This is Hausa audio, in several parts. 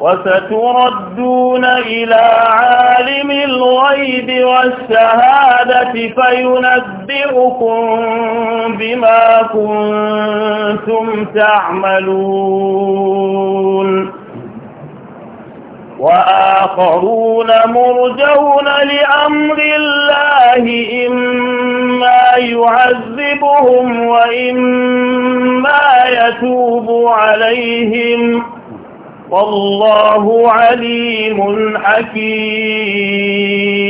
وستردون إلى عالم الغيب والشهادة فينبئكم بما كنتم تعملون وآخرون مرجون لأمر الله إما يعذبهم وإما يتوب عليهم والله عليم حكيم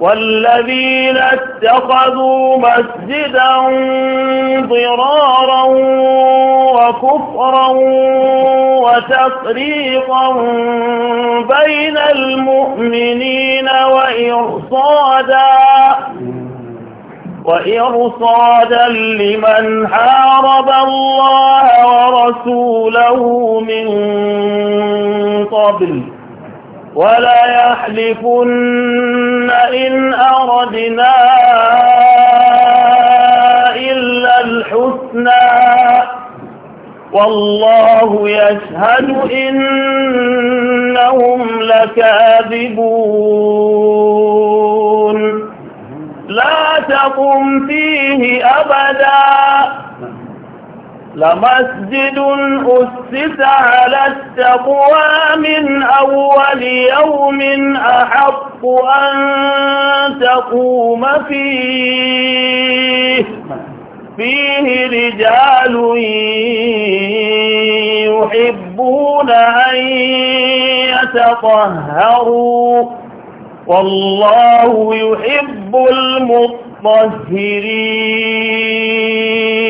والذين اتخذوا مسجدا ضرارا وكفرا وتفريقا بين المؤمنين وإرصادا وإرصادا لمن حارب الله ورسوله من قبل ولا يحلفن إن أردنا إلا الحسنى والله يشهد إنهم لكاذبون لا تقم فيه أبداً لمسجد أسس على التقوى من أول يوم أحق أن تقوم فيه فيه رجال يحبون أن يتطهروا والله يحب المطهرين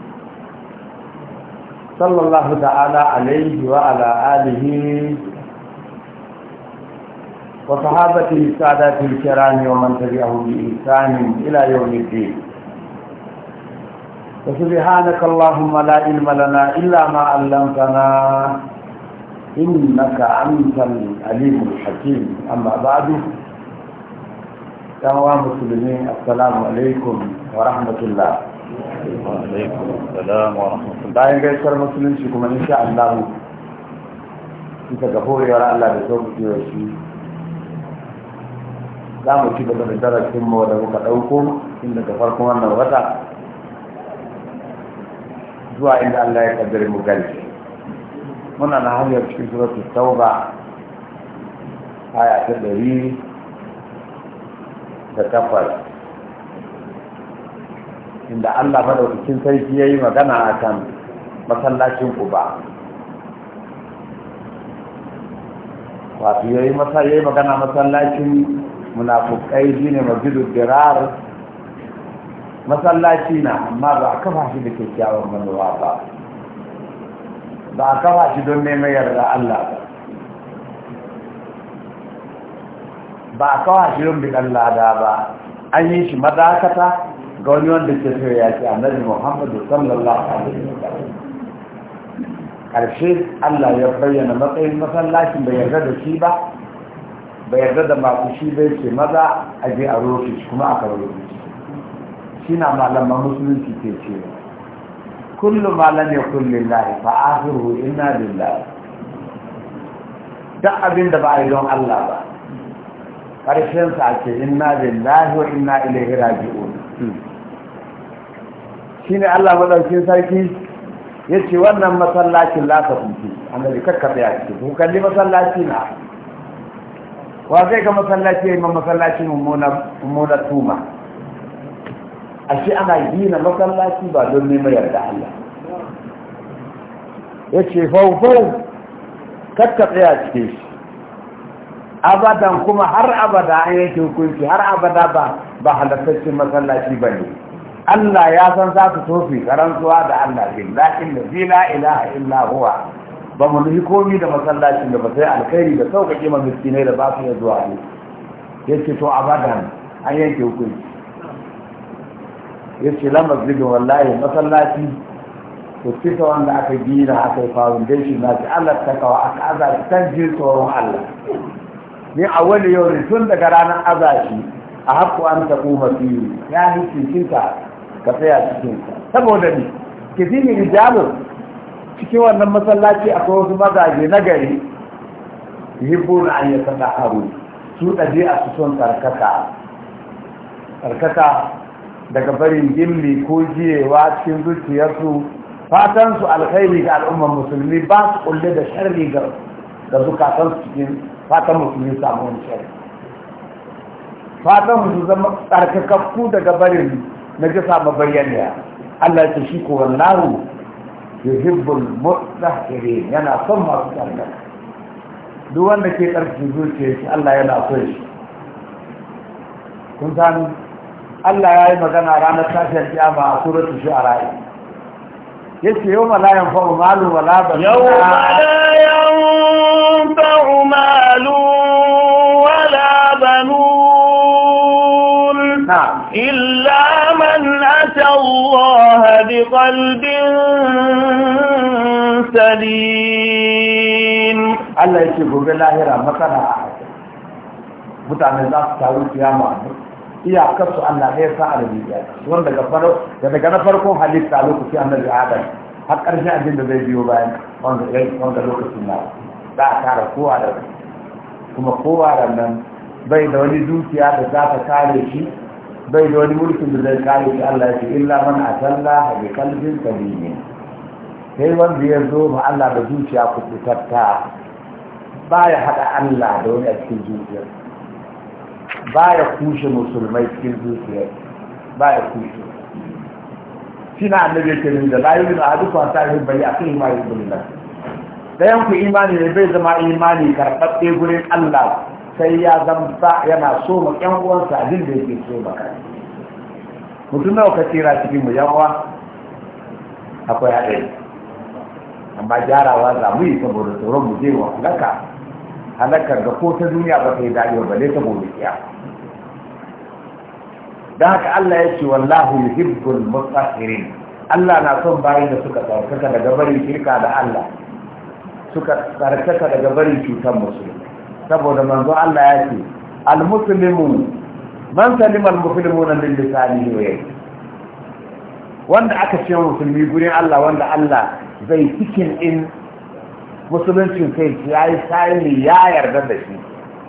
صلى الله تعالى عليه وعلى آله وصحابته السادات الكرام ومن تبعه بإحسان إلى يوم الدين وسبحانك اللهم لا علم لنا إلا ما علمتنا إنك أنت العليم الحكيم أما بعد يا مسلمين السلام عليكم ورحمة الله bayan gaisar musulunci kuma in insha Allah bisa ga horewar Allah da zo buɗewa shi za mu ci gaba da darasin mu da muka ɗauko inda ga farkon wannan wata zuwa inda Allah ya kaddare mu gani muna na hanyar cikin suratul tauba aya ta ɗari da takwas inda Allah madaukakin sarki yayi magana akan masallacin Quba wato yayi masa yayi magana masallacin munafukai shine masjidul dirar masallaci na amma ba a kafa shi da kyakkyawan manuwa ba ba a kafa shi don neman yarda Allah ba ba a kawo shi don bidan lada ba an yi shi madakata ga wani wanda ke so ya ce annabi muhammadu sallallahu alaihi wa sallam karshe Allah ya bayyana matsayin masallacin bai yarda da shi ba bai yarda da masu shi bai ce maza a je a roƙe kuma aka roƙe shi shi na malaman musulunci ke ce kullu malam ya kulli lahi fa akhiru inna lillahi duk abin da ba a yi don Allah ba ƙarshen sa ce inna lillahi wa inna ilaihi raji'un Shi ne Allah maɗauki sarki ya ce wannan masallacin la ka kunci annabi kakka tsaya ce ku kalli masallaci na wa zai ga masallaci ya yi masallaci mummuna tuma A shi ana gina masallaci ba don neman yarda Allah ya ce faufau kakka a cikin shi abadan kuma har abada an yanke hukunci har abada ba ba halattacin masallaci ba ne Allah ya san za su tofi karantuwa da Allah bin laƙin da zina ilaha illa huwa ba mu nufi komi da masallacin da ba sai alkhairi da sauƙaƙe ma miskinai da ba su ya zuwa ne ya ce to abadan an yanke hukunci ya ce lamar zidin wallahi masallaci to cika wanda aka gina aka yi foundation na shi Allah ta kawo aka aza shi kan jin tsoron Allah ni a wani yau ne tun daga ranar aza a haƙƙo an taɓo masu ya hikin cinta ka tsaya cikin saboda ni ke fi ni rijalun cikin wannan masallaci akwai wasu mazaje na gari yibbu na an yi sana haru su ɗaje a su son tsarkaka tsarkaka daga barin gimli ko jiyewa cikin zuciyarsu fatan su alkhairi ga al'ummar musulmi ba su kulle da sharri ga ga zukatan cikin fatan musulmi samun wani sharri fatan su zama tsarkakakku daga barin na jasa bayyana Allah ya shi ko wallahu yuhibbul mutahhirin yana son masu tsarka duk wanda ke tsarki zuciya shi Allah yana so shi kun san Allah ya yi magana ranar tashiyar kiyama a suratul shu'ara yace yau ma la yanfa'u malu wala banuna yau ma la yanfa'u malu wala banuna إلا من أتى الله بقلب سليم الله يشبه بالآهرة مكانا آهد بطان الناس تعود في آمان إيا قصة أنه غير سعر بيجاد سوان دقفره يعني قنفركو حديث تعود في آمان بيجاد حق أرجع جنب بيجي وبعين وان دقل وان دقل لا أتعرى قوة رمنا كما قوة رمنا بيدواني دوتيا بزاة كاليشي bai da wani mulkin da zai kare shi Allah ya ce illa man atalla bi qalbin salim sai wanda ya zo ma Allah da zuciya ku Ba ya hada Allah da wani a cikin zuciya ya kushe musulmai cikin zuciya ya kushe shine annabi yake nuna da la yu'minu ahadukum hatta yi li akhihi ma yuhibbu lillah dayan ku imani ne bai zama imani karɓaɓɓe gurin Allah sai ya zama yana so ma ƴan uwansa abin da yake so ba mutum nawa ka tira cikin mu yawa akwai haɗe amma gyarawa za mu yi saboda tsoron mu je wa halaka halakar da ko ta duniya ba ta yi daɗi ba balle saboda kiya da haka Allah ya ce wallahu yuhibbul mutahhirin Allah na son bayan da suka tsarkaka daga barin shirka da Allah suka tsarkaka daga barin cutar musulmi saboda manzo Allah ya ce al man salima al-muslimuna min lisanihi wa yadihi wanda aka ce musulmi gurin Allah wanda Allah zai cikin in musulunci sai ya yi sayini ya yarda da shi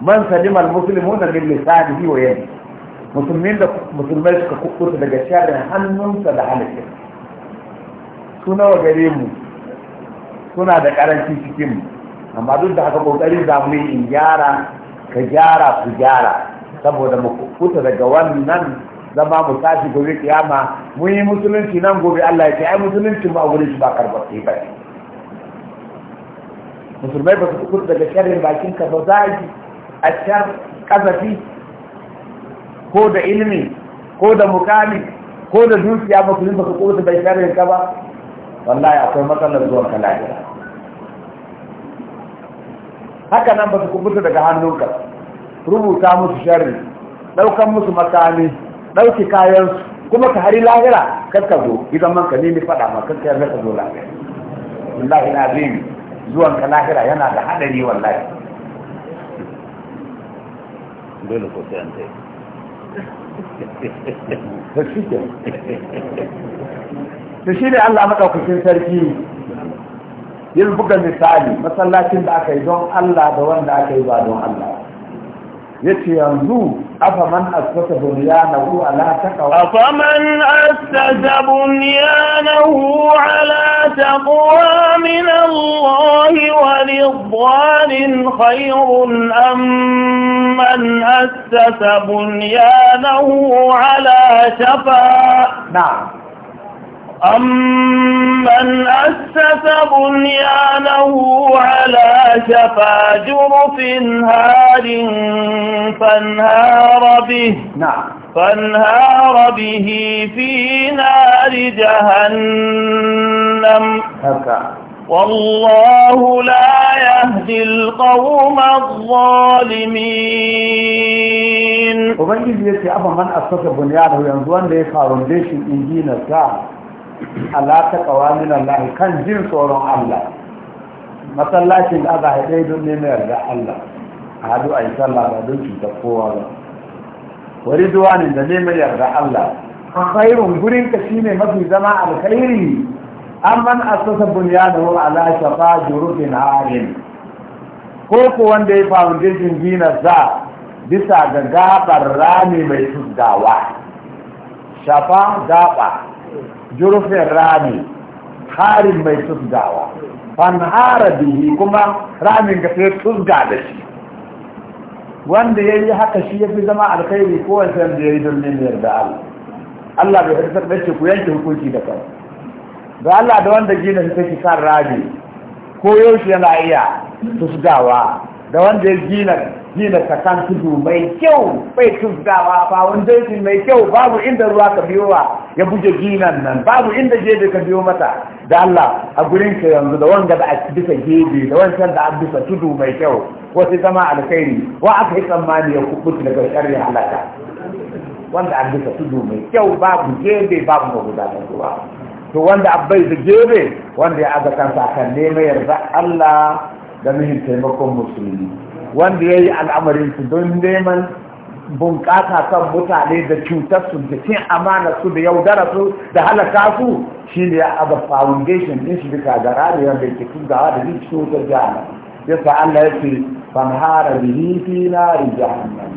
man salimar musulmi na min lisanihi wa yadi musulmin da musulmai suka kukuta daga sharin hannunsa da halittar su nawa gare mu suna da karanci cikin mu amma duk da haka kokari za mu yi in gyara ka gyara ku gyara saboda mu kuta daga wannan zama mu tashi gobe kiyama mun yi musulunci nan gobe Allah ya ce ai musulunci ba gurin shi ba karbace ba musulmai ba su kuta daga sharrin bakin ka ba zagi a shar kazafi ko da ilimi ko da mukami ko da dukiya musulmi ba su kuta daga sharrin ka ba wallahi akwai matsalar zuwan ka lafiya haka nan ba su kubuta daga hannunka rubuta musu sharri daukan musu makami kayan su kuma ka hari lahira kanka ka zo idan man ka ni faɗa ma kanka ka ka zo lahira wallahi na azimi zuwan ka lahira yana da hadari wallahi dole ko sai an tai da shi ne Allah maɗaukakin sarki yin buga misali masallacin da aka yi don Allah da wanda aka yi ba don Allah yace yanzu afa man asbata bunyanahu ala taqwa afa man na bunyanahu ala taqwa min Allah wa ridwanin khayrun am man asbata bunyanahu ala shafa na'am أمن أسس بنيانه على شفا جرف هار فانهار به نعم فانهار به في نار جهنم والله لا يهدي القوم الظالمين وبنجي يتي أبا من أسس بنيانه ينزوان ليخارون ليش الإنجيل كان ala kawamin Allah kan jin tsoron Allah masallacin da aka haɗe don neman yarda Allah a hadu a yi sallah ba don cuta kowa ba wari duwanin da neman yarda Allah khairun gurin ka shine mafi zama alkhairi amman asasa bunyanahu ala shafa jurufin harin ko ko wanda ya foundation gina za bisa ga gabar rami mai tuddawa shafa gaba jurufin rami harin mai tusgawa fanhara bihi kuma ramin ga sai tusga da shi wanda ya yi haka shi ya fi zama alkhairi ko wasu da ya yi don neman yarda Allah Allah bai harsar da ce ku yanke hukunci da kai ga Allah da wanda gina shi take kan rami ko yaushe yana iya tusgawa da wanda ya gina ni da ka tudu mai kyau bai tuzgawa ba wanda yake mai kyau babu inda ruwa ka biyo wa ya buje ginan nan babu inda je ka biyo mata da Allah a gurin ka yanzu da wanga da a bisa gebe da wancan da a bisa tudu mai kyau wasu zama alkhairi wa aka yi tsammani ya kubuta daga sharri halaka wanda a bisa tudu mai kyau babu jebe babu magudanar ruwa to wanda abai da jebe wanda ya aga kansa kan neman yarda Allah da mihin taimakon musulmi wanda ya yi al'amarin su don neman bunƙasa kan mutane da cutar su da cin amana su da yaudara su da halaka su shi ne a the foundation din shi duka da rariyar da ke tun gawa da zai cikin wutar jihar yasa Allah ya ce ban hara bihi fi nari jahannam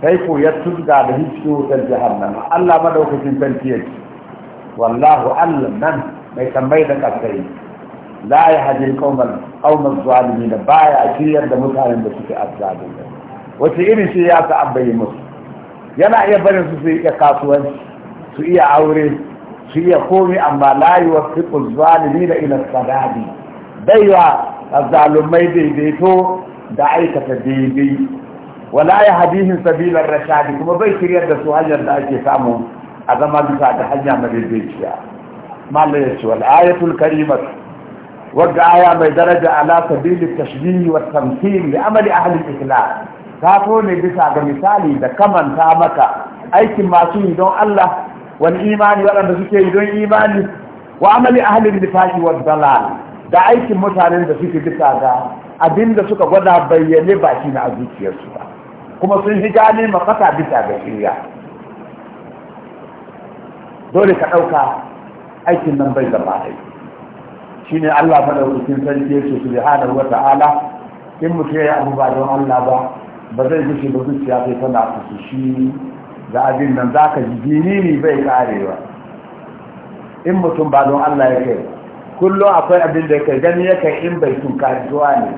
kai ko ya tuzga da cikin wutar jahannam Allah madaukakin sarki yake wallahu Allah nan mai tambayi da kasai la ya hajjin kaumar zalimi da baya a shiryar da mutanen da suke azzalimi wace irin shi ya ta abbayi musu yana iya barin su su iya kasuwanci su iya aure su iya komi amma la yi wa fiƙul zalimi da ila sadadi bai wa azzalumai daidaito da aikata daidai wala ya hadihin sabilar rashadi kuma bai shiryar da su hanyar da ake samu a zama bisa da hanya madaidaiciya mallayar ce wal ayatul karimatu wadda aya mai daraja ala sabili tashbihi wa tamthil li amali ahli al-ikhlas ta ne bisa ga misali da kamanta maka aikin masu yi don Allah wani imani waɗanda suke yi don imani wa amali ahli al-nifaqi wa dalal da aikin mutanen da suke bisa ga abinda suka gwada bayyane ba shi na zuciyarsu ba kuma sun shi gane mafaka bisa ga shirya dole ka ɗauka aikin nan bai ba aiki shine Allah madaukakin sarki yake hada wata ala in mu ya abu ba don Allah ba ba zai shi ba zuciya sai tana su shi da abin nan za zaka ji ne bai karewa in mutum ba don Allah ya kai kullum akwai abin da ya kai gani ya kai in bai tunkari zuwa ne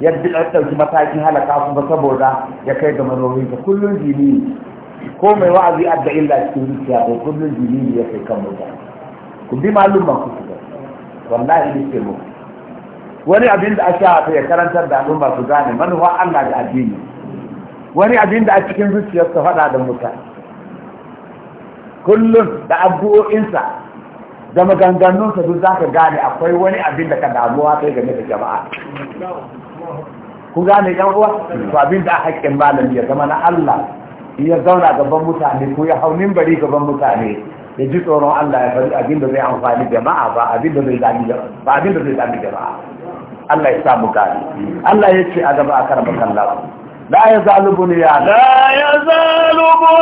Ya ya ɗauki matakin halaka ba saboda ya kai ga manominsa kullum jini ko mai wa'azi adda illa cikin zuciya ko kullum jini ya kai kan mutane ku bi malumman ku wallahi ne ke muku wani abin da aka hata ya karantar da ba su gane manuwa Allah da addini wani abin da a cikin ta faɗa da mutane kullum da addu'o'insa da maganganunsa duk za ka gane akwai wani abin da ka damuwa kai game da jama'a ku gane yan uwa to abin da haƙƙin malami ya zama na Allah ya zauna gaban mutane ko ya hau bari gaban mutane لا يزال بنيان لا يزال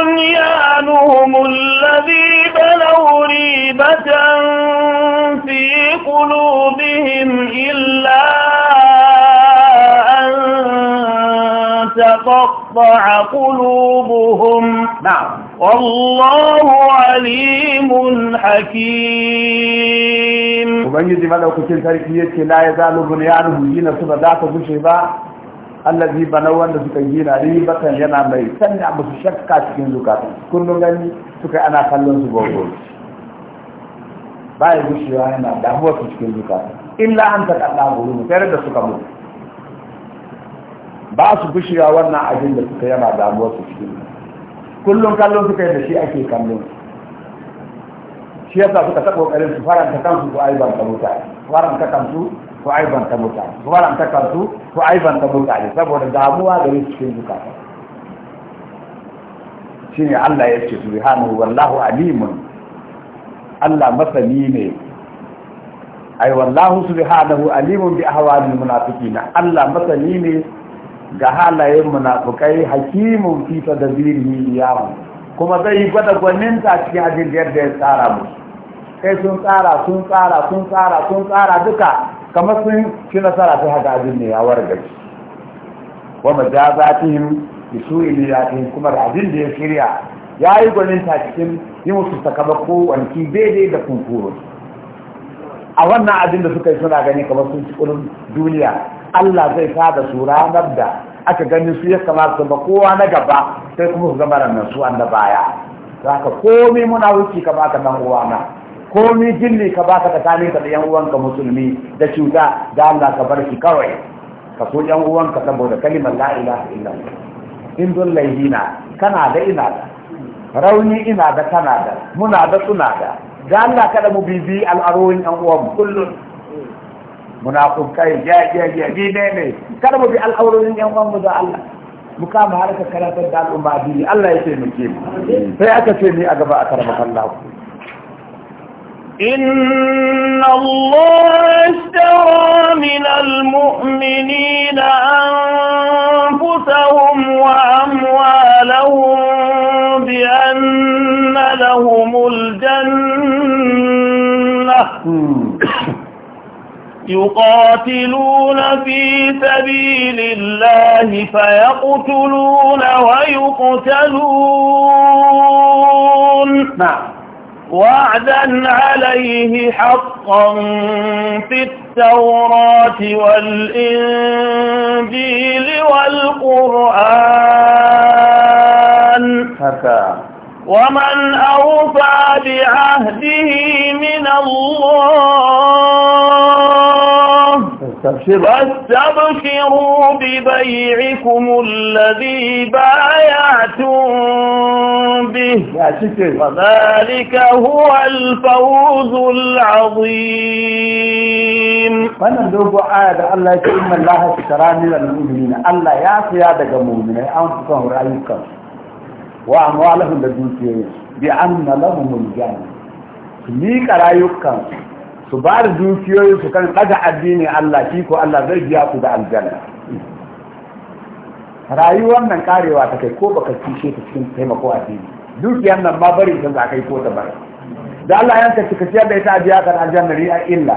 بنيانهم الذي بلوا ريبة في قلوبهم إلا أن تقطع قلوبهم نعم والله عليم حكيم وبنجي ملوكين تاريخي يتي لا يزال بنيانه ينا سبا ذاك بشي با allazi banau wanda suka gina ribatan yana mai sanya musu shakka cikin zukatan kullum suka ana kallon su gogo baya gushewa yana damuwa cikin zukatan illa an ta kalla gulu tare da suka mutu ba su gushewa wannan abin da suka yana damuwa su cikin kullum kallon suka yi da shi ake kallon shi yasa suka taɓa ƙoƙarin su faranta kansu ko aibanta mutane faranta kansu ko aibanta mutane su faranta kansu ko mota ne saboda damuwa da yi cikin zukata shi ne Allah ya ce subhanahu wallahu alimun Allah masani ne ai wallahu subhanahu alimun bi ahwalil munafiqina Allah masani ne ga halayen munafukai hakimun fi tadbirihi yawo kuma zai yi gwada gwaninta cikin abin da yadda ya tsara mu kai sun tsara sun tsara sun tsara sun tsara duka kamar sun fi nasara ta haka abin ne ya warga shi wa majazatihim bi su'i niyatihim kuma da abin da ya shirya ya yi gwaninta cikin yi musu sakamako wanki daidai da kunkuru a wannan abin da suka yi suna gani kamar sun ci duniya Allah zai da su ranar da aka gani su ya kamata ba kowa na gaba sai kuma su gama ranar su an da baya ka komi muna wuce ka kamata nan uwana komi jilli ka baka ka tani ka da yan uwanka musulmi da cuta da Allah ka bar shi kawai ka so yan uwanka saboda kalimar la ilaha illallah in dun laihina kana da ina da rauni ina da kana da muna da suna da da Allah kada mu bibi al'arorin yan uwan kullum kai, ya ya ya ni ne ne kada mu bi al'aurorin yan uwan mu da Allah mu kama harkar karatar da al'umma addini Allah ya taimake mu sai aka ce ni a gaba a karama Allah إن الله اشترى من المؤمنين أنفسهم وأموالهم بأن لهم الجنة يقاتلون في سبيل الله فيقتلون ويقتلون نعم وعدا عليه حقا في التوراة والإنجيل والقرآن حكا. ومن أوفى بعهده من الله تبشر ببيعكم الذي بايعتم به وذلك هو الفوز العظيم فانا ندوب عادة الله يتعلم الله تتراني للمؤمنين الله يعطي هذا المؤمنين يعطي هذا المؤمنين وأموالهم لدوتين بأن لهم الجنة ليك رأيكم su ba da dukiyoyin su kan daga addini Allah shi ko Allah zai biya ku da aljanna rayuwar nan karewa ta kai ko baka kishe ta cikin taimako addini dukiyar nan ma bari sun ga kai ko ta bari da Allah yanka cika ciyar da ita biya ka aljanna ri'a illa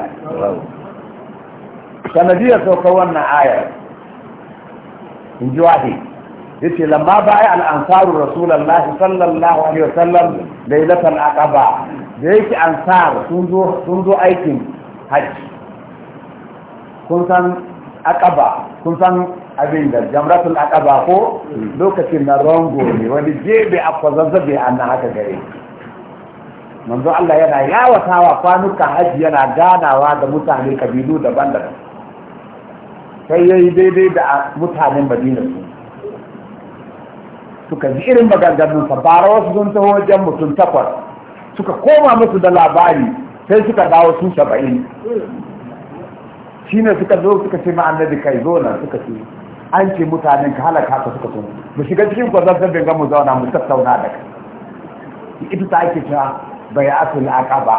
sanadiyar saukar wannan ayar in ji wahi yace lamma ba'i al-ansaru rasulullahi sallallahu alaihi wasallam lailatul aqaba da yake ansar sun zo sun zo aikin haji kun san aqaba kun san abin da jamratul aqaba ko lokacin na rango ne wani jebe akwa zazzabe annan haka gare manzo Allah yana yawatawa kwanuka haji yana ganawa da mutane kabilu daban-daban sai yayi daidai da mutanen Madina su suka ji irin sa bara wasu sun taho wajen mutum takwas suka koma musu da labari sai suka dawo su saba'in shine suka zo suka ce ma annabi kai zo nan suka ce an ce mutanen ka halaka ka suka so mu shiga cikin kwazar sabbin ga mu zauna mu tattauna da kai ita ta ake ta aka aqaba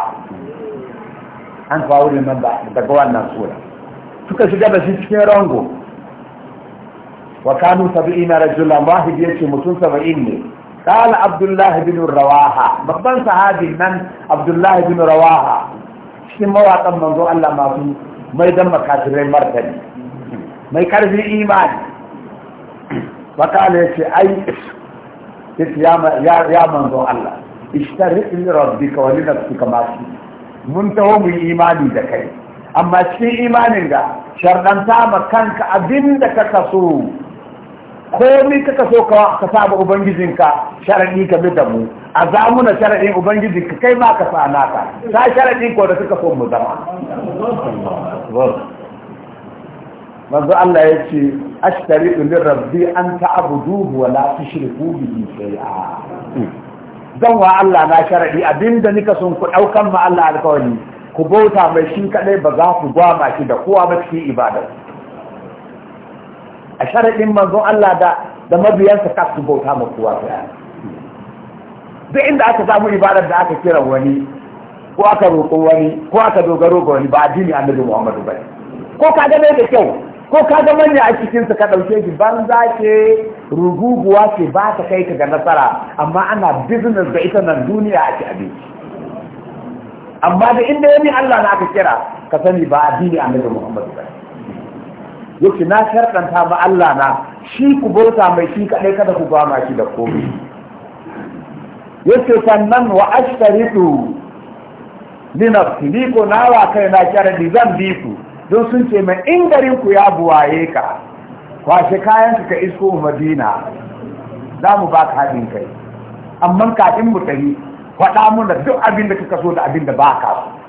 an kawo ne nan daga wannan sura suka shiga da shi cikin rango wa kanu sab'ina rajulan wahid yace mutum 70 ne قال عبد الله بن رواحة babban sahabi nan Abdullah bin Rawaha shi mawaƙan manzo Allah masu mai dan makasirai martani mai karfi imani fakala yace ai ya ya manzo Allah ishtarik li rabbika wa li nafsika ma shi mun taho mu imani da kai amma cikin imanin ga shardanta ma kanka abinda ka kaso ni kaka so ka ka saba ubangijinka sharadi ka da mu a zamuna sharadin ubangijinka kai ma ka sa naka ta sharadi ko da kaka so mu zama manzo Allah ya ce ashtari li rabbi an ta'buduhu wa la tushriku bihi shay'a dan wa Allah na sharadi abinda nika son ku daukan ma Allah alƙawari ku bauta mai shi kadai ba za ku gwama shi da kowa ba cikin ibada a sharaɗin manzon Allah da da mabiyansa ka su bauta ma kowa ta duk inda aka samu ibadar da aka kira wani ko aka roƙo wani ko aka dogaro ga wani ba addini annabi Muhammadu bane ko ka ga da kyau ko ka ga manya a cikin ka dauke shi ban zake ruguguwa ce ba ta kai ka ga nasara amma ana business da ita nan duniya a abinci amma da inda yani Allah na aka kira ka sani ba addini annabi Muhammadu bane yake na sharɗanta ma Allah na shi ku bauta mai shi kaɗai kada ku gama shi da komai yace sannan wa ashtaritu li nafsi ni ko nawa kai na kyara ni zan bi ku don sun ce mai in garin ku ya buwaye ka kwashe kayan ka isko madina za mu baka haɗin kai amma kafin mu tafi faɗa muna duk abin da kuka so da abin da ba ka so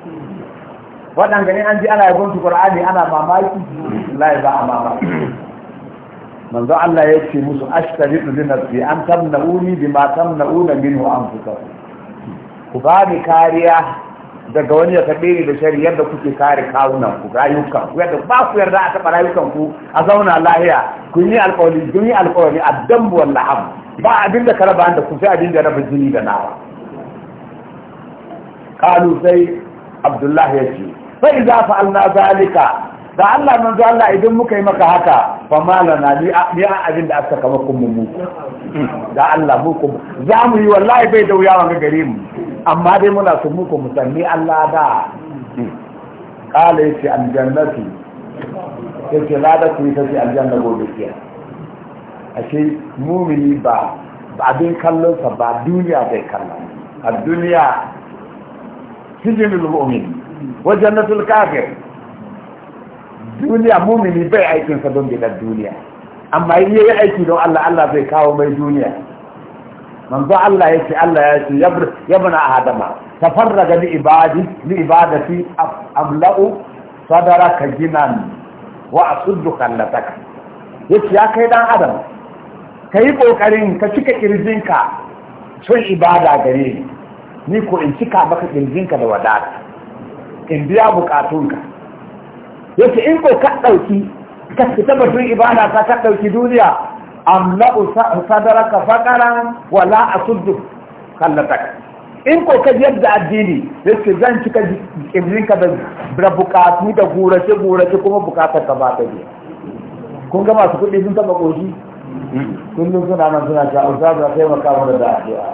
waɗanda ne an ji ana yabon Qur'ani ana mamaki lai ba a mamaki manzo Allah ya ce musu ashtaritu li fi an tamna'uni bima tamna'una minhu fuka ku ba ni kariya daga wani ya kaɗe ni da shari yadda kuke kare kawunan ku rayuka ku yadda ba ku yarda a taɓa rayukan ku a zauna lahiya ku yi alƙawari ku yi alƙawari a dambu wa la'am ba abin da karaba da ku sai abin da raba jini da nawa kalu sai abdullahi ya ce sai za fa alna zalika da Allah mun zo Allah idan muka yi maka haka fa malana ni ni abin da aka kama kun mu da Allah mu ku za mu yi wallahi bai da wuya wanga gare mu amma dai muna su mu ku musanni Allah da qala yace jannati yace la da ku yace aljanna gobe kiya ashe mumini ba abin kallon sa ba duniya bai kallon a duniya sijinul mu'min Wajen jannatul kafir duniya mumini bai aikin sa don bidan duniya amma in yayi aiki don Allah Allah zai kawo mai duniya manzo Allah yace Allah yace yabna adama tafarraga li ibadi li ibadati amla'u sadaraka jinan wa asuddu kallataka yace ya kai dan adam kai kokarin ka cika kirjinka sun ibada gare ni ni ko in cika maka kirjinka da wadata in biya bukatunka yace in ko ka ɗauki ka fita batun ibada ta ka ɗauki duniya amla'u sadaraka faqaran wala asuddu kallataka in ko ka yadda addini yace zan cika ka da bukatu da gurace gurace kuma bukatar ka ba ta biya kun ga masu kuɗi sun taɓa ƙoshi kullum suna nan suna ta usa da taimaka mana da addu'a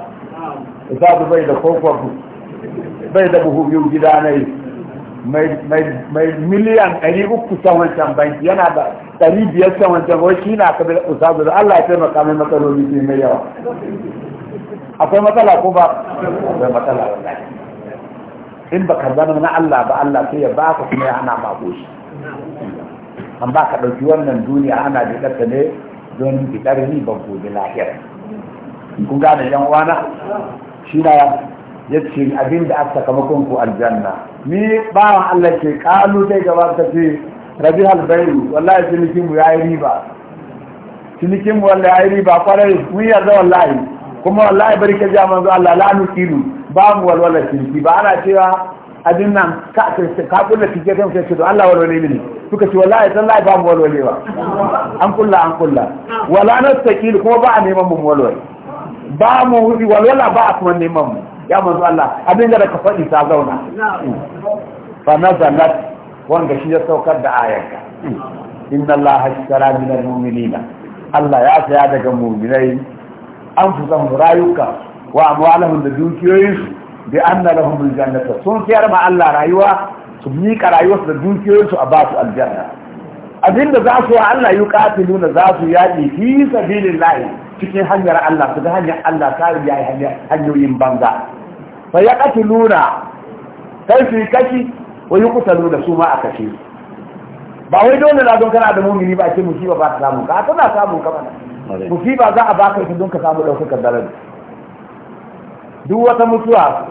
usa bai da kokon bai da buhu biyu gida na yi mai miliyan ɗari can wancan yana da ɗari biyar can wancan wai shi na kabe ustazu da Allah ya taimaka mai matsaloli sai mai yawa akwai matsala ko ba akwai matsala in ba ka zama na Allah ba Allah sai ya baka kuma ya ana ma goshi an ba ka ɗauki wannan duniya ana da biɗarta ne don fitar ni ban gobe lahira kun gane yan wana shi na ya ce abin da aka sakamakon ku aljanna ni bawan Allah ke kalu sai gaba ta ce rabi halbairu wallahi cinikin mu yayi riba cinikin mu wallahi yayi riba kwarai mun yarda wallahi kuma wallahi barka amma zo Allah La'anu kilu ba mu walwala ciniki ba ana cewa abin nan ka ka kulla tike kan sai to Allah walwale ne suka ce wallahi tallahi ba mu walwale ba an kulla an kulla wala nastaqil kuma ba a neman mu walwale ba mu walwala ba a kuma neman mu ya manzo Allah abinda da ka faɗi ta zauna fa nazalat wanda shi ya saukar da ayarka inna Allah hashtara min al-mu'minina Allah ya saya daga mu'minai an fusan rayuka wa amwalahum da dukiyoyinsu bi anna lahum al-jannata sun fiyar ma Allah rayuwa su miƙa rayuwarsu da dukiyoyinsu a ba su aljanna abinda za su wa Allah yi katilu na za su yaƙi fi sabilillahi, cikin hanyar Allah su ga hanyar Allah ta yi hanyoyin banza fa ya katuluna kai su kashi wa yi kusalu su ma a kashi. ba wai dole na don kana da mumini ba ce musiba ba ta samu ka tana samu kama na. musiba za a baka shi don ka samu daukakar daraja duk wata mutuwa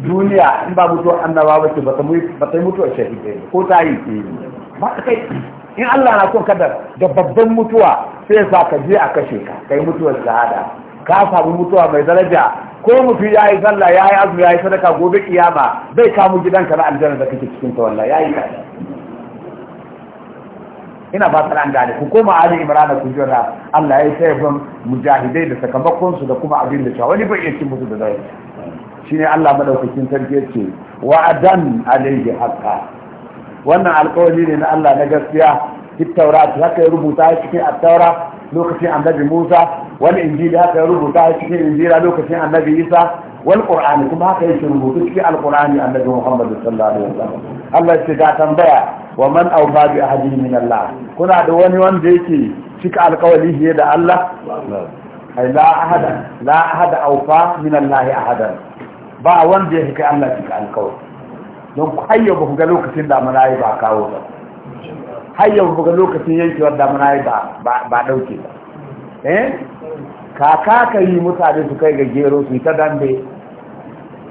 duniya in ba mutuwa annaba ba ce ba ta mutuwa shahidai ko ta yi hmm. ba ta kai in Allah na son kada da babban mutuwa sai sa ka je a kashe ka kai mutuwar shahada ka samu mutuwa mai daraja ko mutu ya yi sallah ya yi azumi ya yi sadaka gobe kiyama zai kamo gidanka na aljanna da kake cikin ta wallahi ya yi ina fatar an gane ku koma ali imran ku jira Allah ya yi sayyafin mujahidai da sakamakon su da kuma abin da cewa wani bai iya cin musu da zai shine Allah madaukakin sarki yace wa'adan alayhi haqqa wannan alƙawari ne na Allah na gaskiya taura haka ya rubuta cikin attaura lokacin annabi musa wani injili haka ya rubuta cikin injila lokacin annabi isa wal qur'ani kuma haka yake rubutu cikin alqur'ani annabi muhammad sallallahu alaihi wasallam Allah ya tambaya wa man awfa bi ahadin min Allah kuna da wani wanda yake cika alƙawari fiye da Allah ai la ahada min Allah ahadan ba wanda yake Allah cika alƙawari don hayya ba ku ga lokacin da mala'i ba kawo ta har yau buga lokacin yankewar damuna ba ba dauke ba eh kaka ka yi mutane su kai ga gero su yi ta dambe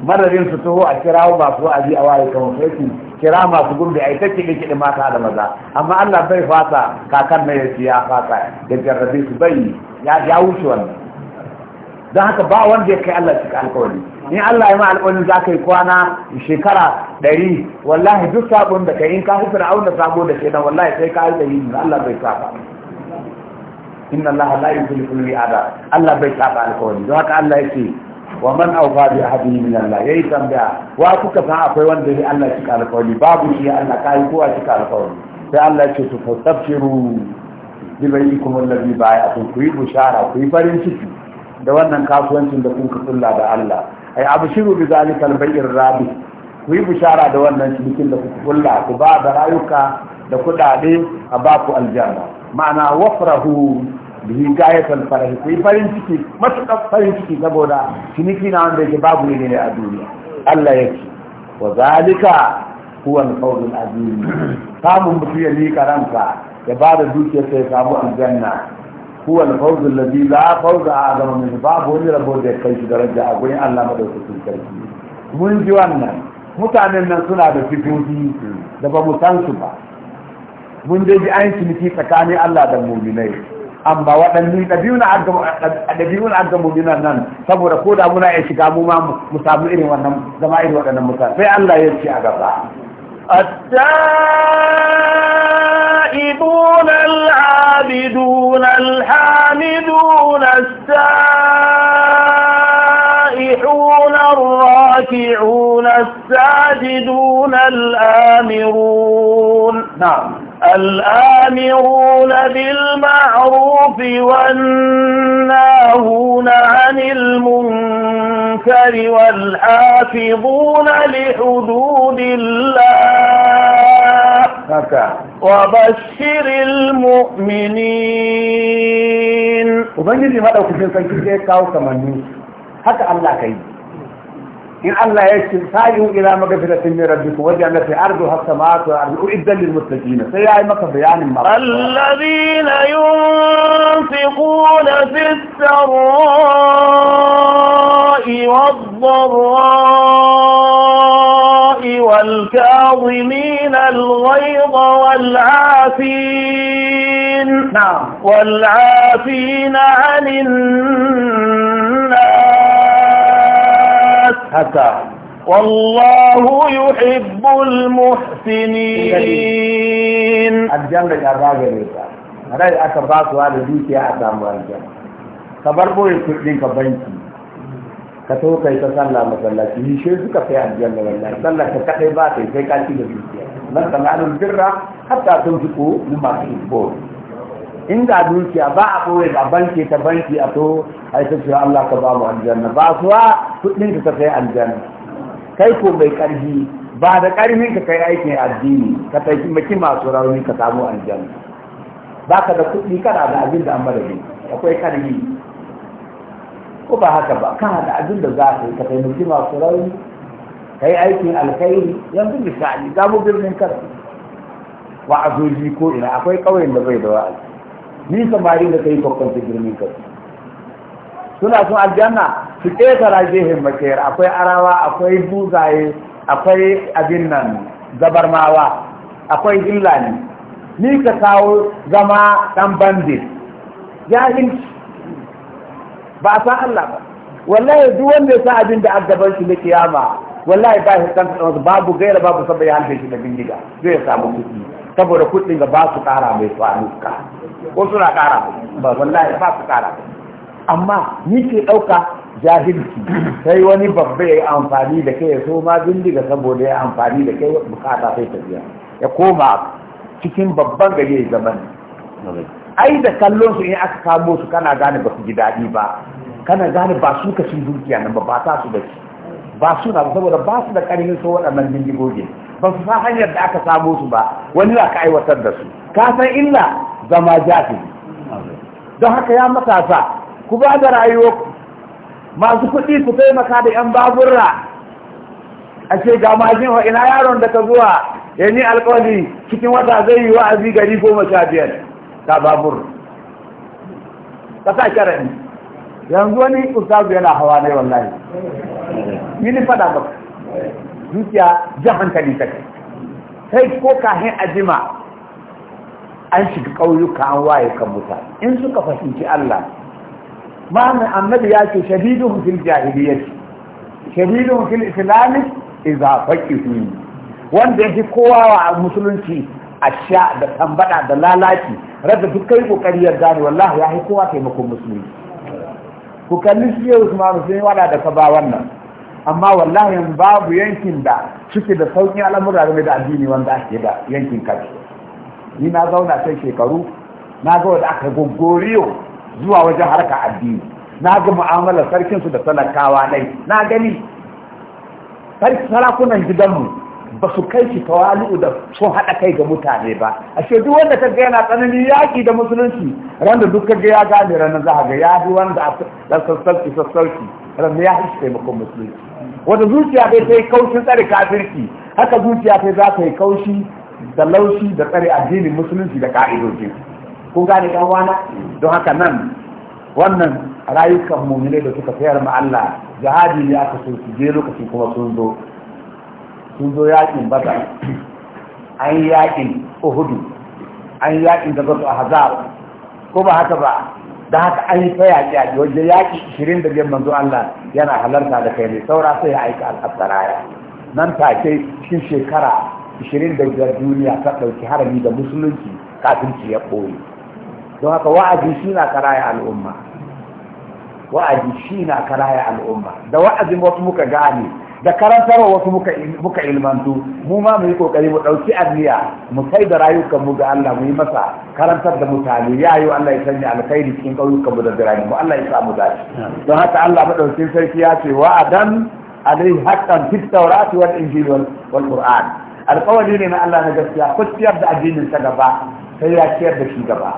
madadin su taho a kirawo masu aji a waye kamar sai kira masu gurbi a yi ta kiɗe kiɗe mata da maza amma Allah bai fasa kakan na ya siya fata da jarrabe su bai ya wuce wannan don haka ba wanda ya kai Allah cika alkawari in Allah ya ma alƙawarin za ka yi kwana shekara ɗari wallahi duk sabon da kai in ka fi fir'aun da sabo da shaidan wallahi sai ka da yi Allah bai saba inna Allah la yukhlifu al-mi'ada Allah bai saba alkawari don haka Allah yake wa man awfa bi ahadihi min Allah yayi tambaya wa kuka san akwai wanda ya Allah cika alkawari babu shi Allah kai kowa cika alkawari sai Allah ya ce to fastafiru bi bayikum allazi bai'atum ku yi bushara ku yi farin ciki da wannan kasuwancin da kun kulla da Allah ai abshiru bi zalikal bay'ir rabi ku yi bishara da wannan cikin da kuka kulla ku ba da rayuka da kuɗaɗe a ba ku aljanna ma'ana wafrahu bi gayatul farahi ku yi farin ciki matuƙar farin ciki saboda ciniki na wanda yake babu ne ne a duniya Allah ya ce wa zalika huwa al-qawlul azim samun mutum ya lika ranka ya ba da dukiyar sai samu aljanna huwa al-fawz alladhi la fawza a'zama min babu wani rabo da kai shi daraja a gurin Allah madaukakin sarki mun ji wannan mutanen nan suna da sifofi da ba mu san su ba mun dai ji an ciniki tsakani Allah da mu'minai amma waɗannan ɗabi'un ɗabi'un aga mu'minan nan saboda ko da muna iya shiga mu ma mu samu irin wannan zama irin waɗannan mutane sai Allah ya ci a gaba التائبون العابدون الحامدون السائحون الراكعون الساجدون الآمرون نعم الآمرون بالمعروف والناهون عن المنكر والحافظون لحدود الله وبشر المؤمنين وبنجي ماذا وكذين سنكي كاو كمانيو حتى الله كي إن الله يكتب سايو إلى مغفرة من ربك وجعل في أرض السماوات والأرض وإذا للمتقين سيأي مكة بيان المرأة الذين ينفقون في السراء والضراء والكاظمين الغيظ والعافين نعم والعافين عن الناس حتى والله يحب المحسنين الجنة الراجل ليتا هذا أكبر سؤال ديك يا أدام والجنة kabar boye kudin ka ka so kai ta sallah masallaci shi shi suka sai aljanna wallahi sallah ka kai ba kai sai ka ci da zuciya man sana'ul birra hatta tunfiqu su bo in da dukiya ba a koye ba banki ta banki a to a ta ce Allah ka ba mu aljanna ba suwa kuɗin ka kai aljanna kai ko mai karfi ba da ƙarfin ka kai aikin addini ka taimaki masu rauni ka samu aljanna ba ka da kuɗi kana da abin da an madadi akwai karfi ko ba haka ba kana da abin da za ka yi ka taimaki masu rauni ka yi aikin alkhairi yanzu misali za mu birnin kar wa'azoji ko ina akwai ƙauyen da bai da wa'azi ni samari da ka yi kwakwanta birnin kar suna sun aljanna su ƙetara jehin makiyar akwai arawa akwai buzaye akwai abin nan zabarmawa akwai illani ni ka kawo zama ɗan bandit jahilci ba a san Allah ba wallahi duk wanda ya sa abin da gaban shi na kiyama wallahi ba shi kansa ɗansu babu gaira babu saboda ya halbe shi da bindiga zai samu kuɗi saboda kuɗin ga ba su ƙara mai tsanuka ko suna ƙara ba wallahi ba su ƙara amma ni ke ɗauka jahilci sai wani babba ya yi amfani da kai ya so ma bindiga saboda ya amfani da kai bukata sai tafiya ya koma cikin babban gari ya zama ai da kallon su in aka kamo su kana gane ba su ji daɗi ba kana gane ba su ka cin dukiya nan ba ba ta su daki, ba su na saboda ba su da ƙarfin su waɗannan bindigogi ba su san hanyar da aka samo su ba wani za ka aiwatar da su ka san illa zama jafi don haka ya matasa ku ba da rayuwa masu kuɗi su taimaka da 'yan baburra a ce ga majin wa ina yaron da ka zuwa ya ni alƙawari cikin wata zai yi wa'azi gari goma sha biyar ta babur ƙasa sa yanzu wani ustazu yana hawa ne wallahi yi fada ba dukiya jan hankali take sai ko kahin ajima an shiga ƙauyuka an waye kan wuta. in suka fahimci Allah ma'amin annabi ya ce shadidun fil jahiliyyati shadidun fil islami idza faqihu wanda yake kowa wa musulunci a sha da tambada da lalaci radda duk kai kokari ya gane wallahi ya kowa taimakon musulmi ku kalli shi yau Usman sun wada da ka ba wannan amma wallahi yanzu babu yankin da cike da sauƙin al'amura game da addini wanda ake da yankin kashi ni na zauna sai shekaru na ga wanda aka gogoriyo zuwa wajen harka addini na ga mu'amalar sarkinsu da talakawa dai na gani sarakunan gidanmu ba su kai shi tawali'u da sun haɗa kai ga mutane ba a shaidu wanda ka ga yana tsananin yaƙi da musulunci ran da duk ya gane ranar za a ga ya fi wanda a ɗan sassauci sassauci ranar ya haifi taimakon musulunci wanda zuciya bai ta yi kaushin tsare kafirki haka zuciya ta za ta yi kaushi da laushi da tsare addinin musulunci da ka'idoji kun gane ɗan wana don haka nan wannan rayukan mummune da suka sayar ma Allah jihadi ne aka su je lokaci kuma sun zo sun zo yakin baza. an yi yakin uhudu an yi yakin da a hazar ko ba haka ba da haka an yi ta yaƙi yaƙi wajen yaƙi ishirin da biyan manzo Allah yana halarta da kai ne saura sai ya aika al'asaraya nan take cikin shekara ishirin da biyar duniya ta ɗauki harami da musulunci kafin ci ya ɓoye don haka wa'azi shi na karaya al'umma wa'azi shi na karaya al'umma da wa'azin wasu muka gane da karantarwa wasu muka ilmantu mu ma mu yi kokari mu ɗauki aziya, mu kai da rayukan mu ga Allah mu yi masa karantar da mutane ya yi Allah ya sanya alkhairi cikin kauyukan mu da birane mu Allah ya sa mu dace don haka Allah madaukakin sarki ya ce wa'adan alai haqqan fit tawrat wal injil wal qur'an alqawli ne na Allah na gaskiya ko da addinin ta gaba sai ya ciyar da shi gaba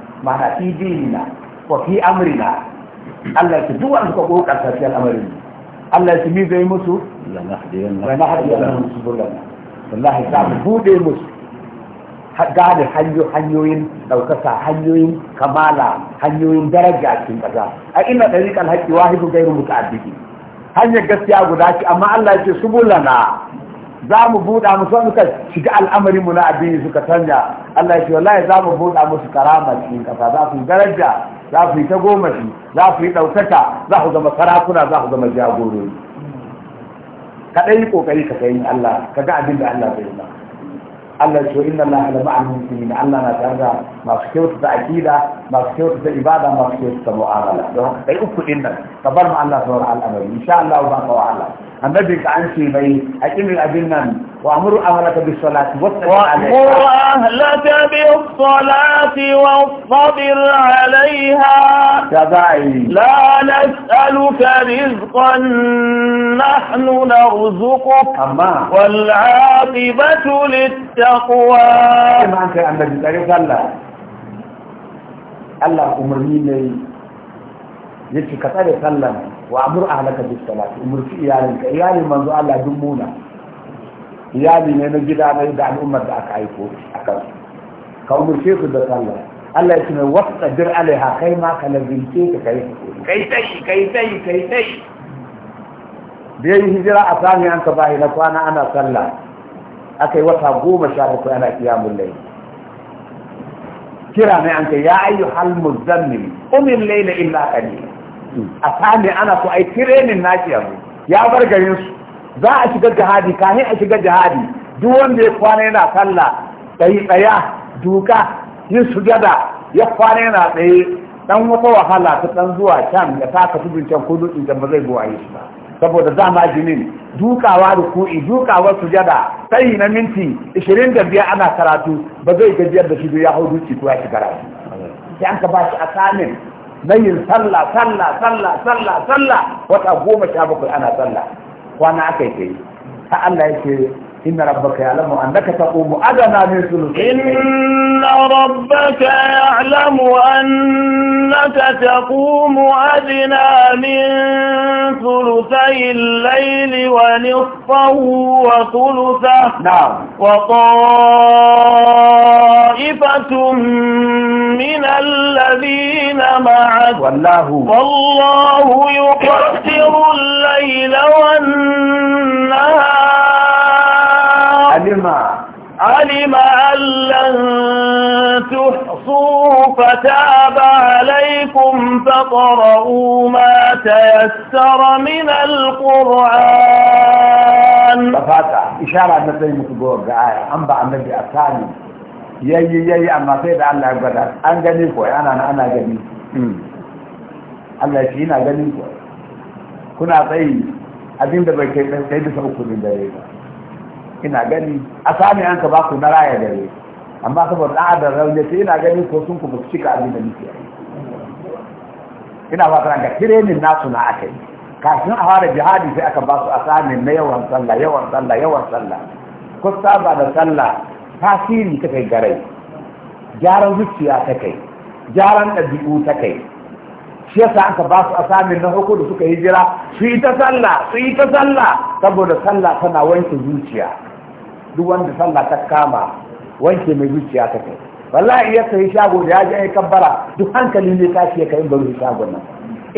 ma'ana fi dinina wa fi amrina Allah ya duk wanda suka kokarta fi al'amarin Allah ya mi zai musu la nahdiyanna subulana wallahi ta mu bude musu gane hanyoyin ɗaukaka hanyoyin kamala hanyoyin daraja a cikin ƙasa a ina ɗariƙar haƙƙi wahidu gairu mutu addini hanyar gaskiya guda ce amma Allah ce subulana za mu buɗa musu suka shiga al'amarin mu na addini suka canja Allah ya ce wallahi za mu buɗa musu karama cikin kasa za su daraja za su yi ta gomashi za su yi ɗaukaka za su zama sarakuna za ku zama jagorori ka ɗan yi ƙoƙari ka sayi Allah ka ga abin da Allah zai yi Allah ce inna Allah la ma'al muslimin Allah na tare da masu kyautata akida masu kyautata ibada masu kyautata mu'amala don haka kai uku din nan ka bar mu Allah sauran al'amari insha Allah ba ka wahala. النبي كان في بيت أكيم الأبين وأمر أهلك بالصلاة وأمر أهلك بالصلاة واصطبر عليها تبعي لا نسألك رزقا نحن نرزقك أما والعاقبة للتقوى كما أنت أن الله الله أمرني yace ka tsare sallan wa amur ahlaka bis salati umurci iyalinka iyalin manzo Allah duk muna iyali ne na gida na da al'ummar da aka aiko a kan ka umurce su da sallan Allah ya ce mai wasta dir alaiha kai ma ka lazimce ka kai kai tai kai tai kai tai da yayi hijira a sami an ka bayi na kwana ana sallah aka yi wata goma sha bakwai ana kiyamun laifi kira mai an ka ya ayyu hal muzammil umin laila illa qalila a sami ana su ai tirenin naki yanzu ya bar garin su za a shiga jihadi kafin a shiga jihadi duk wanda ya kwana yana sallah tsayi tsaya duka yin sujada ya kwana yana tsaye dan wata wahala ta dan zuwa can ya taka tubin can ko dutsen da ba zai zo a yi ba saboda za ma jinin dukawa da ku'i dukawa sujada tsayi na minti 25 ana karatu ba zai gajiyar da shi ya hau duci ko ya shiga rafi sai an ka ba shi asamin na yin sallah sallah sallah sallah sallah wata goma sha bakwai ana sallah kwana aka yi ta Allah yake إن ربك يعلم أنك تقوم أدنى من ثلثي إن ربك يعلم أنك تقوم أدنى من ثلثي الليل ونصفه وثلثه نعم وطائفة من الذين معك والله والله يقدر الليل والنهار علم علم أن لن تحصوا فتاب عليكم فاقرؤوا ما تيسر من القرآن فقط إشارة أن نبي مطبور دعاية أنبع النبي الثاني يي يي أما سيد الله أكبر أن جنيكو أنا أنا جنيكو Allah shi ina ganin ku kuna tsayi abinda bai kai kai da sauƙin ina gani a sami yanka ba ku na raya dare amma saboda ɗan adam rauni sai ina gani ko sun ku ba su cika abin da ina ba ga tirenin nasu na aka yi kafin a fara jihadi sai aka ba su a sami na yawan sallah yawan sallah yawan sallah ko saba da sallah tasiri ta kai garai gyaran zuciya ta kai gyaran ɗabi'u ta kai shi yasa aka ba su asamin na uku da suka hijira su yi ta sallah su yi ta sallah saboda sallah tana wanke zuciya duk wanda sallah ta kama wanke mai zuciya ta kai wallahi ya kai shago da ya ji ai kabbara duk hankali ne tashi ya kai bari shago nan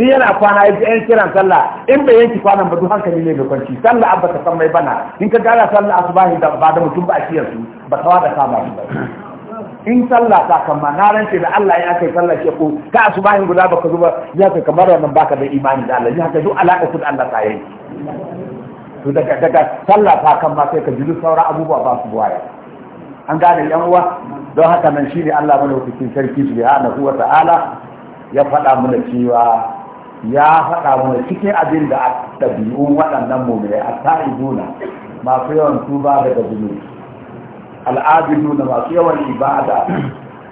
in yana kwana ya ji ai kiran sallah in bai yanki kwanan ba duk hankali ne bai kwanci sallah abba ta san mai bana in ka gara sallah asubahi da ba da mutum ba a kiyar su ba tawa da kama su ba in sallah ta kama na rance da Allah ya kai sallah shi ko ta in guda ba ka zuba ya kai kamar wannan baka da imani da Allah ya kai duk alaka su da Allah ta yi to daga daga sallah ta kama sai ka jiru sauran abubuwa ba su buwaya an gane yan uwa don haka nan shine Allah mana hukuncin sarki subhanahu wa ta'ala ya faɗa mana cewa ya faɗa mana cikin abin da ɗabi'un waɗannan muminai a Ma masu yawan tuba daga zunubi al'abidu na masu yawan ibada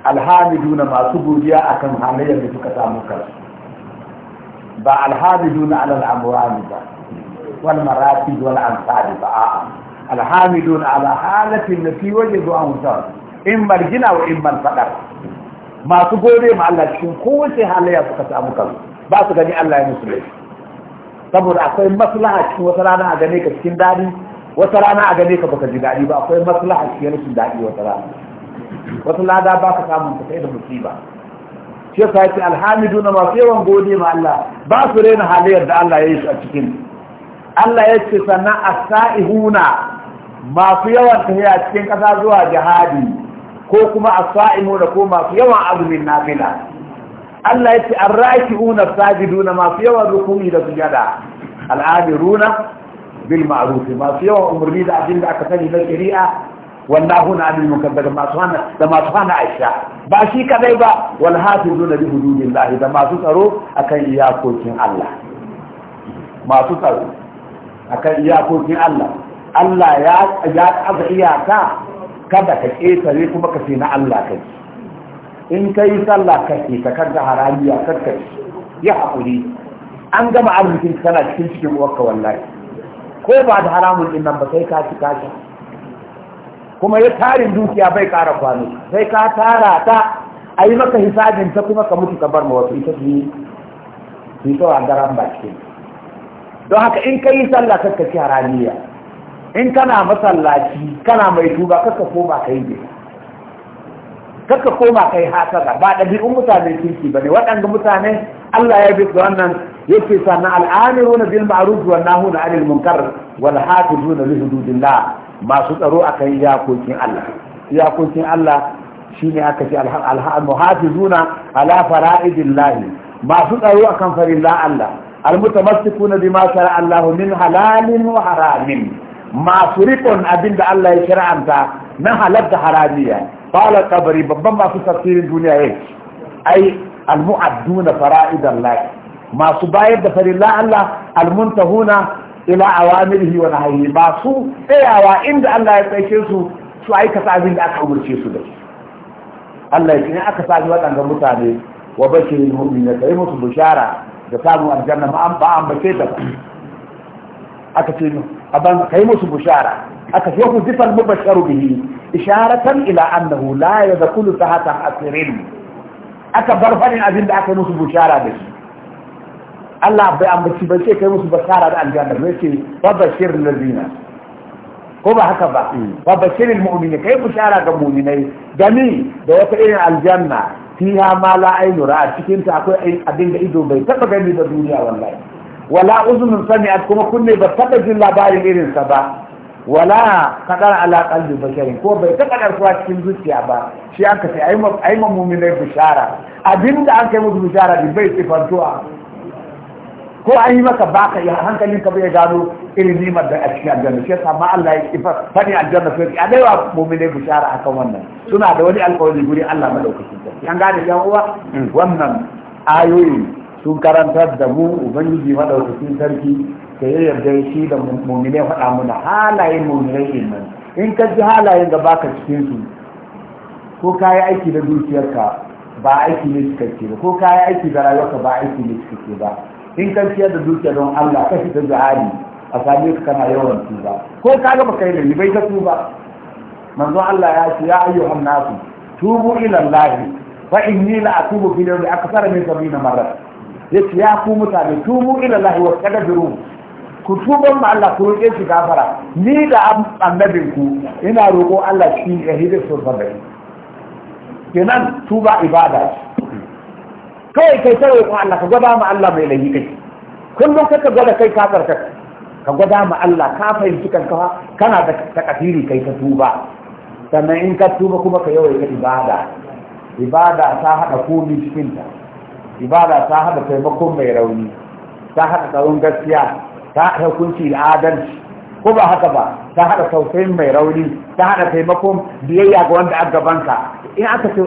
alhamidu na masu godiya akan halayyar da suka samu kansu ba alhamidu na alal amurani ba wal marati wal ansari ba a'a alhamidu na ala halatin na fi waje zuwa mutum in margina wa in man fadar masu gode ma Allah cikin kowace halayya suka samu kansu ba su gani Allah ya musu laifi saboda akwai maslaha cikin wata rana a gane ka cikin dadi wata rana a gane ka baka ji daɗi ba akwai maslaha ke rashin daɗi wata rana wata lada ba ka samun ka sai da musiba shi yasa yake alhamidu na masu yawan gode ma Allah ba su rena halayyar da Allah ya yi a cikin Allah ya ce sannan asa'ihuna masu yawan tafiya cikin ƙasa zuwa jihadi ko kuma asa'imuna ko masu yawan azumin nafila Allah ya ce arraki'una sajiduna masu yawan rukuni da sujada al'amiruna bil ma'ruf masu yawan umarni da abin da aka sani na shari'a والناهون عن المنكر ده ما سبحانه ده ما سبحانه عائشة باشي كذا با والحافظون الله ده ما تسرو أكن إياكوكين الله ما تسرو أكن إياكوكين الله الله يا يا أبا kada ka ƙetare kuma ka ce na Allah kai in ka yi sallah ka ka haramiya kar ka an gama arzikin kana cikin cikin uwarka wallahi ko ba da haramun din nan ba sai ka ci kashi kuma ya tarin dukiya bai ƙara kwano sai ka tara ta a yi maka hisabin ta kuma ka mutu ka bar ma wasu ita su yi a garan baki don haka in ka yi sallah kakka ci haramiya in kana masallaci kana mai tuba kakka ba ka yi kaka koma kai hasada ba ɗabi'un mutane kirki bane waɗanda mutane Allah ya bi da wannan yake sana al'amiruna bil ma'ruf wan nahuna 'anil munkar wal hafizuna li hududillah masu tsaro akan iyakokin Allah iyakokin Allah shine aka ce al-muhafizuna ala fara'idillah masu tsaro akan farilla Allah al-mutamassikuna bima shara'a Allah min halalin wa haramin masu rikon abin da Allah ya shir'anta na halatta haramiya fara kabari babban masu tafsirin duniya ya ai almu'addu na fara'idan lai masu bayar da farilla Allah almuntahuna ila awamirihi wa nahyi ba su tsayawa inda Allah ya tsaye su su aikata abin da aka umurce su da shi Allah ya kina aka sami waɗanda mutane wa ya mu'minina kai musu bishara da samun aljanna ma an ba an bace ta aka ce aban kai musu bushara aka ce ku mu mubasharu bihi isharatan ila annahu la yadkhulu tahta asirin aka bar fadin abin da aka musu bushara da shi Allah bai ambaci bai ce kai musu bushara da aljanna bai ce wa bashir ladina ko ba haka ba mm. wa bashiril mu'minin kai bushara ga mu'minai gani da wata irin aljanna fiha ma la ainu ra cikin ta akwai abin da ido bai taba gani da duniya wallahi wala uzunin sami'at kuma kunne ba taɓa jin labarin irinsa ba wala kadar ala qalbi basharin ko bai ta kadar kuwa cikin zuciya ba shi an kace ai ma mu'minai bishara abinda an kai musu bishara din bai a ko an yi maka baka ya hankalin ka bai gano irin nimar da a cikin aljanna shi yasa ma Allah ya kifa fani aljanna sai a wa mu'minai bishara akan wannan suna da wani alƙawari guri Allah madaukakin sarki an gane yan uwa mm. wannan ayoyi sun karantar da mu ubangiji madaukakin sarki da ya yarda shi da mu'minai faɗa muna halayen mu'minai din nan in ka ji halayen da baka cikin su ko ka yi aiki da dukiyarka ba aiki ne cikakke ba ko ka yi aiki da rayuwarka ba aiki ne cikakke ba in ka ciyar da dukiyar don Allah ka fita jihadi a same ka kana yawan tuba ko ka ga baka yi bai ka tuba manzo Allah ya ce ya ayyuhan nasu tubu ila Allah fa inni la atubu fi yawmi akthara min 70 marrat ya ce ya ku mutane tubu ila lahi wa kadabiru ku tuban ma Allah ku roƙe shi gafara ni da annabin ku ina roƙo Allah shi ga hidin surfabai kenan tuba ibada kawai kai ta roƙon Allah ka gwada ma Allah mai laifi kai kullum kai ka gwada kai ka karka ka gwada ma Allah ka fahimci kanka kana da takafiri kai ka tuba sannan in ka tuba kuma ka yawaita ibada ibada ta haɗa komi cikinta ibada ta hada taimakon mai rauni ta hada tsaron gaskiya ta haɗa hukunci da adalci ko ba haka ba ta hada tausayin mai rauni ta hada taimakon biyayya ga wanda a gabanka in aka ce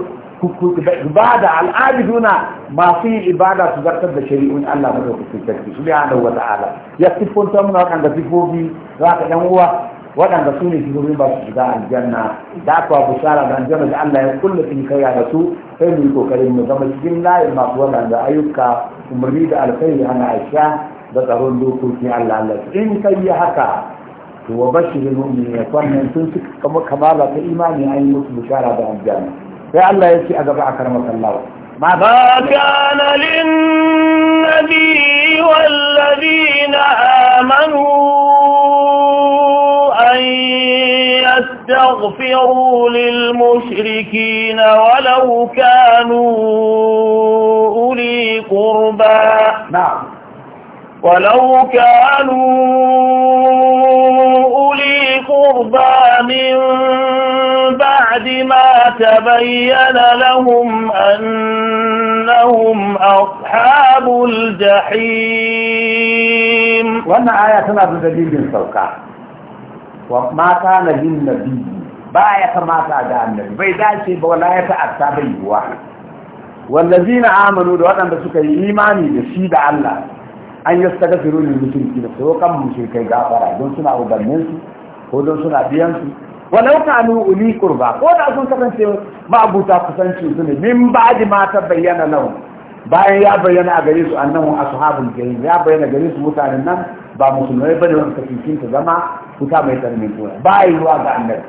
ibada al'abiduna masu yin ibada su zartar da shari'un Allah madaukakin sarki subhanahu wa ta'ala ya siffanta muna waɗanda sifofi za ka ɗan uwa waɗanda su ne sifofi ba su shiga aljanna da aka bishara da aljanna da Allah ya kulle tinkai da su sai mu yi kokarin mu zama cikin layin masu waɗanda ayyuka umarni da alkhairi hana aisha da tsaron dokokin Allah Allah in kai yi haka to wa bashirin mu'minin sun suka kama kamala ta imani an yi musu bishara da aljanna sai Allah ya ce a gaba a karama ما كان للنبي والذين آمنوا أن فاستغفروا للمشركين ولو كانوا أولي قربى نعم ولو كانوا أولي قربى من بعد ما تبين لهم أنهم أصحاب الجحيم وأن آياتنا بدليل سوكا wa mata na yin nabi ba ya kamata da annabi bai dace ba wala ya ta'atta bai yiwa wallazina amanu da waɗanda suka yi imani da shi da Allah an yi lil gafiru da sai kan gafara don suna ubannin su ko don suna biyan su walau kanu uli qurba ko da sun kasance ma'abuta kusanci su ne min ba'di ma ta bayyana lahum bayan ya bayyana a gare su annahu ashabul jahim ya bayyana gare su mutanen nan ba musulmai bane wanda cikin ta zama kuta mai tsarmin tura ba yi ruwa ga annabi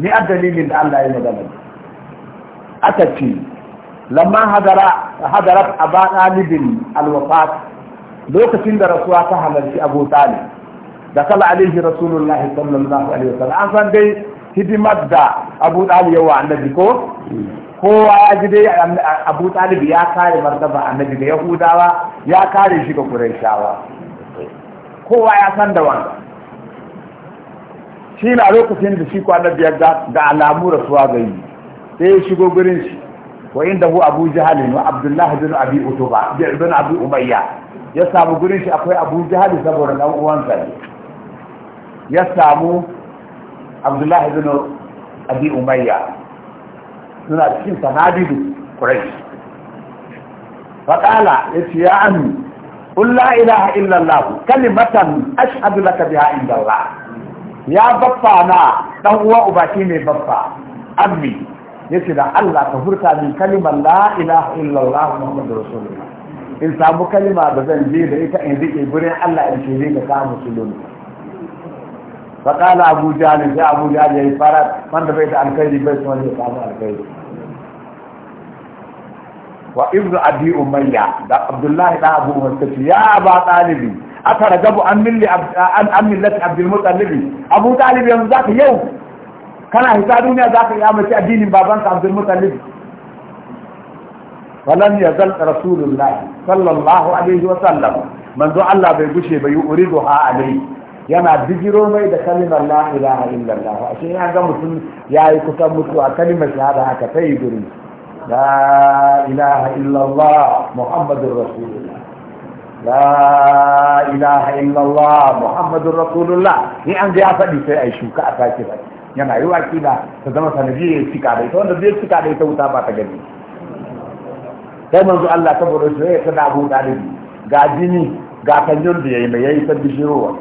ni a dalilin da Allah ya magana aka ce lamma hadara hadarat aba dalibin alwafat lokacin da rasuwa ta halarci abu talib da kala alaihi rasulullah sallallahu alaihi wasallam an san dai hidimar da abu ɗalib yawa annabi ko kowa ya ji dai abu ɗalib ya kare martaba annabi da yahudawa ya kare shi ga shawa. kowa ya san da wanda shi na lokacin da shi kwanar biyar da alamu rasuwa ga yi sai ya shigo gurin shi wa inda hu abu jihali wa abdullahi bin abi utuba bin abi umayya ya samu gurin shi akwai abu jihali saboda dan uwansa ne ya samu abdullahi bin abi umayya suna cikin sanadidu quraish faqala yace ya ammi qul la ilaha illa allah kalimatan ashhadu laka biha inda allah ya baffa na dan uwa ubaki ne baffa ammi ce da Allah ka furta min kalimar la ilaha illa allah muhammadur rasulullah in samu kalima da zan je da ita in rike gurin Allah in ce ka samu musulmi فقال أبو جهل يا أبو جهل يا فرد من بيت الخير بيت من يقام الخير وابن أبي أمية عبد الله بن أبو أمية يا أبا طالب أترجب عن ملة عن ملة عبد المطلب أبو طالب يوم ذاك يوم كان حسابنا ذاك يا مشي الدين بابانك عبد المطلب ولم يزل رسول الله صلى الله عليه وسلم من ذو الله بيقشه بيؤرضها عليه yana bijiro mai da kalimar la ilaha illallah a shi an ga mutum yayi yi kusan mutu a kalimar shahada aka sai yi guri la ilaha illallah muhammadur rasulullah la ilaha illallah muhammadur rasulullah ni an ga ya fadi sai ai shuka a sake ba yana yi wa kila ta zama sanadiyar ya cika da ita wanda zai cika da ita wuta ba ta gani sai manzo Allah ta saboda shi ya tada Abu Talib ga jini ga kanyon da yayi mai yayi ta bishirowa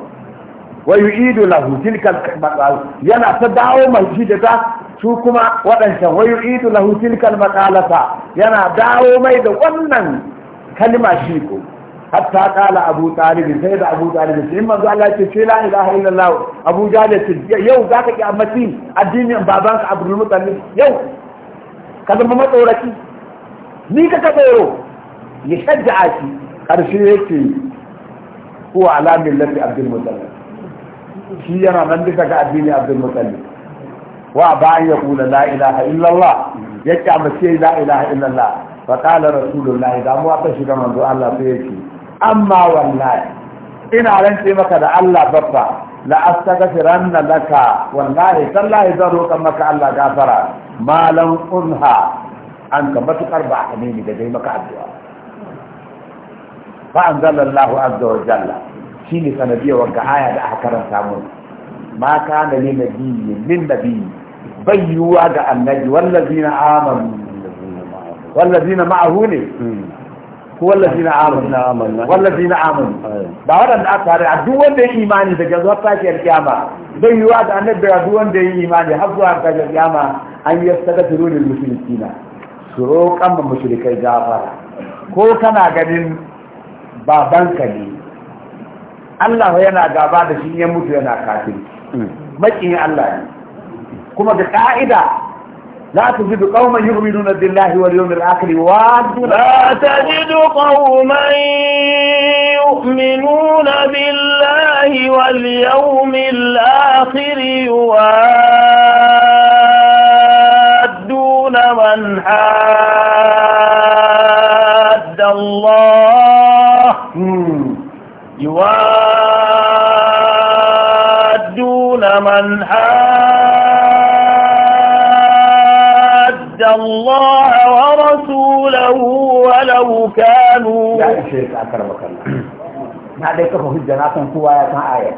wa yu'idu lahu tilkal maqal yana ta dawo mai da ta su kuma waɗancan wa yu'idu lahu tilkal maqalata yana dawo mai da wannan kalma shi ko hatta kala abu talib sai da abu talib sai in manzo Allah ce ce la ilaha illallah abu jalil ce yau zaka ki ammaci addinin babanka abdul muttalib yau ka zama matsoraki ni ka ka tsoro ya shajja'a shi karshe yake huwa ala millati abdul muttalib shi yana nan duka ga addini abdul mutallib wa ba an ya kula la ilaha illallah ya kyamace la ilaha illallah fa qala rasulullahi da mu aka shiga manzo Allah sai yake amma wallahi ina rance maka da Allah babba la astaghfiranna laka wallahi sallahi zaro kan maka Allah gafara malam unha an ka matukar ba ne da dai maka addu'a fa anzalallahu azza wa jalla shi ne sanadiyar wanga aya da aka karanta mu ma kana ne biyu, min nabiyyi bai yiwuwa ga annabi wallazina amanu wallazina ma'ahu ne ko wallazina amanu wallazina amanu ba waɗanda aka tare a duk wanda ya imani daga zuwa tashiyar kiyama bai yiwuwa ga annabi da duk wanda ya imani har zuwa tashiyar kiyama an yi yastagfiru lil mushrikina su roƙan mushrikai gafara ko kana ganin babanka ne Allah yana gaba da shi ya mutu yana kafiri hmm. makiyin Allah ne kuma da ka'ida لا تجد قوما يؤمنون بالله واليوم الآخر وادون لا تجد قوما يؤمنون بالله واليوم الآخر يوادون من حاد الله يوادون من حد الله ورسوله ولو كانوا يا شيخ أكرمك الله نعديك في الجناتين قوية آية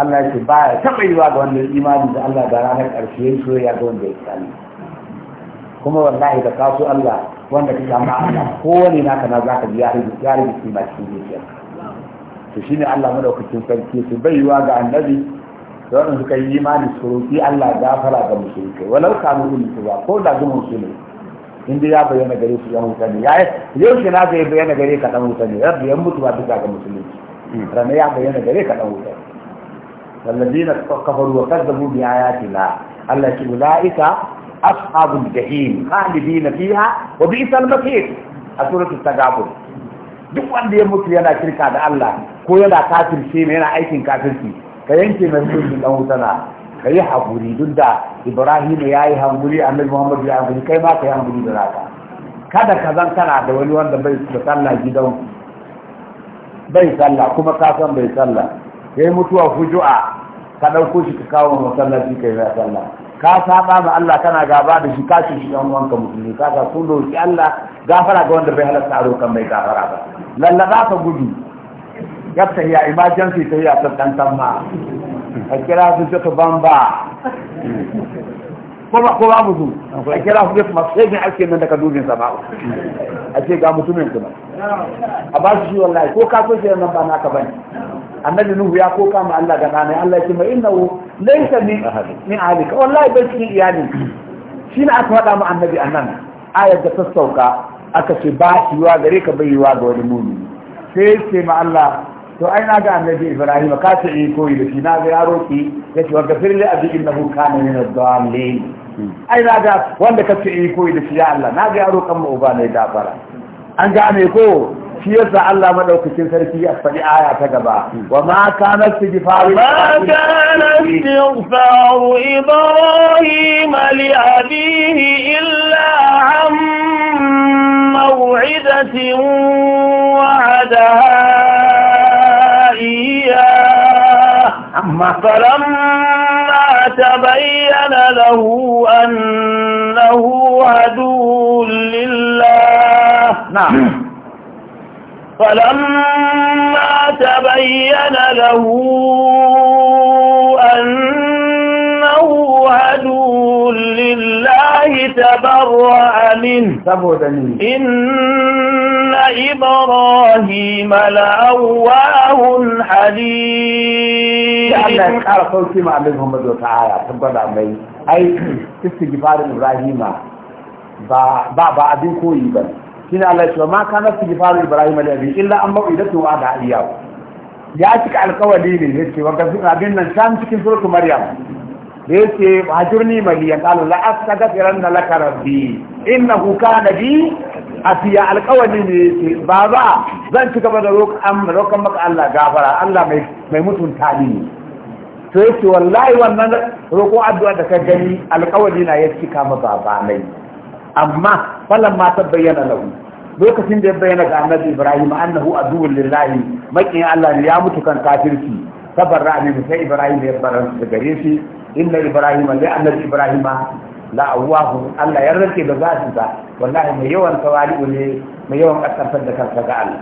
الله يسبعي كم يواد الإيمان إذا الله درانك أرشيين شو يادون بيك كما والله إذا قاسوا الله وانك تسمع الله هو لناك نزاك دياري دياري بسيما تسيبه to shine Allah madaukakin sarki su baiwa ga annabi da waɗanda suka yi imani su roƙi Allah gafara ga musulunci walau kanu su ba ko da gumin su ne inda ya bayyana gare su yan wuta ne ya yau shi na zai bayyana gare ka dan mutane ne rabbi yan mutu ba bisa ga musulunci hmm. Rana ya bayyana gare ka dan bi والذين كفروا وكذبوا بآياتنا التي أولئك أصحاب الجحيم خالدين فيها وبئس المصير سورة التغابن duk wanda ya mutu yana kirka da Allah ko yana shi mai yana aikin shi. ka yanke mai hukuncin dan wutana ka yi haƙuri duk da ibrahim ya yi hankuri annabi muhammadu ya hankuri kai ma ka yi hankuri da naka kada ka zan kana da wani wanda bai da sallah gidan bai sallah kuma ka san bai sallah yi mutuwa hujua ka ɗauko shi ka kawo masallaci kai na sallah ka saba ma Allah kana gaba da shi ka ci shi ɗan wanka musulmi ka ga kun roki Allah gafara ga wanda bai halatta a rokan bai gafara ba lallaba ka gudu gata ya emergency ta ya ta dan tamma a kira su ta bamba ko ba ko ba mu a kira su ta masu sai aske nan daga dubin sama a ce ga mutumin kuma a ba su shi wallahi ko ka so nan ba naka bane annabi nuhu ya koka ma Allah ga nane Allah ya ce ma innahu laysa min min ahlika wallahi bai cikin iyali shi ne aka faɗa ma annabi annan ayar da ta sauka aka ce ba shi wa gare ka bai yiwa ga wani muni sai ce ma Allah to ai na ga annabi ibrahim ka ta yi koyi da shi na ga yaro ki yace wa gafir li abi innahu kana min ad-dallin ai na ga wanda ka ta yi koyi da shi ya Allah na ga yaro kan mu uba ne da fara an ga ne ko shi yasa Allah madaukakin sarki ya fadi aya ta gaba wa ma kana istighfaru ma kana istighfaru ibrahim li abihi illa am maw'idatin wa'adaha أما فلما تبين له أنه عدو لله نعم فلما تبين له أنه رسول لله تبرأ منه إن إبراهيم لأواه حليم الله يقال صوتي مع الله محمد تعالى تبقى عمي أي استجفار إبراهيم ba ba abin koyi ba shine Allah ya ce ma kana istighfaru ibrahim da abi illa an mau'idatu wa da iyahu ya cika alkawari ne ne ce wa abin nan can cikin suratul maryam da yake hajurni maliyan qala la astaghfiranna laka Inna innahu kana bi asiya alqawli ne baba zan ci gaba da roƙan maka Allah gafara Allah mai mutum mutunta ni to yake wallahi wannan roƙo addu'a da ka gani alƙawari na ya cika ma baba mai amma falan mata bayyana lau. lokacin da ya bayyana ga annabi Ibrahim annahu aduwwul lillahi makin Allah ne ya mutu kan kafirci tabarra ne sai ibrahim ya bar da gare shi inna ibrahim la annabi ibrahim la awahu Allah ya rike da zati ba wallahi mai yawan tawali'u ne mai yawan kaskantar da kansa ga Allah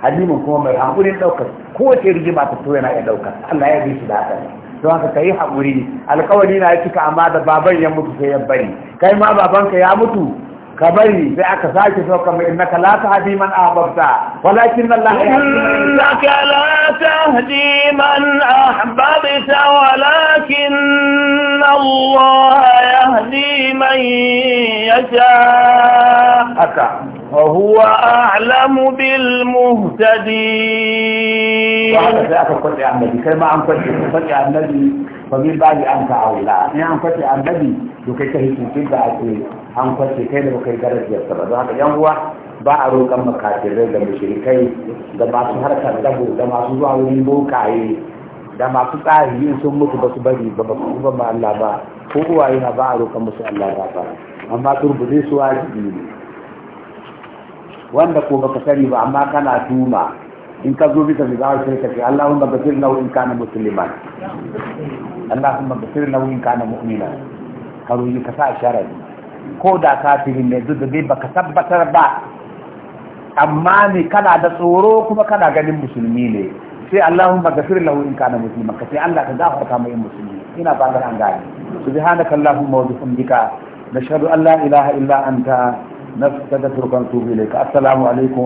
halimin kuma mai hankulin daukar kowace rigima ta so yana iya daukar Allah ya bi shi da haka don haka yi haƙuri alƙawari na ya cika amma da baban ya mutu sai ya bari kai ma babanka ya mutu ka bari sai aka sake sauka mai innaka la tahdi man ahbabta walakin Allah ya innaka la tahdi man ahbabta walakin Allah yahdi man yasha haka وهو أعلم بالمهتدين وهذا سيأك قطع النبي كما عن قطع النبي فمن بعد أن تعولا إن عن قطع النبي لكي تهيكم في بعد عن قطع كيف لكي درج يستبع هذا ينهو ba a roƙon makafirai da mushrikai da masu harkar dabo da masu zuwa wurin bokaye da masu tsari yin sun mutu ba su bari ba ba su ba ma ko uwaye na ba a roƙon musu Allah ba amma turbude su wajibi ne wanda ko baka sani ba amma kana tuma in ka zo bisa mizar sai ka ce Allahumma ghfir lahu in kana musliman Allahumma ghfir lahu in kana mu'mina ka ruyi ka sa sharadi ko da kafirin ne duk da bai baka tabbatar ba amma ne kana da tsoro kuma kana ganin musulmi ne sai Allahumma ghfir lahu in kana musliman ka sai Allah ka gafarta mai musulmi ina ba an gane subhanakallahumma wa bihamdika nashhadu an la ilaha illa anta نفس كده أن إليك السلام عليكم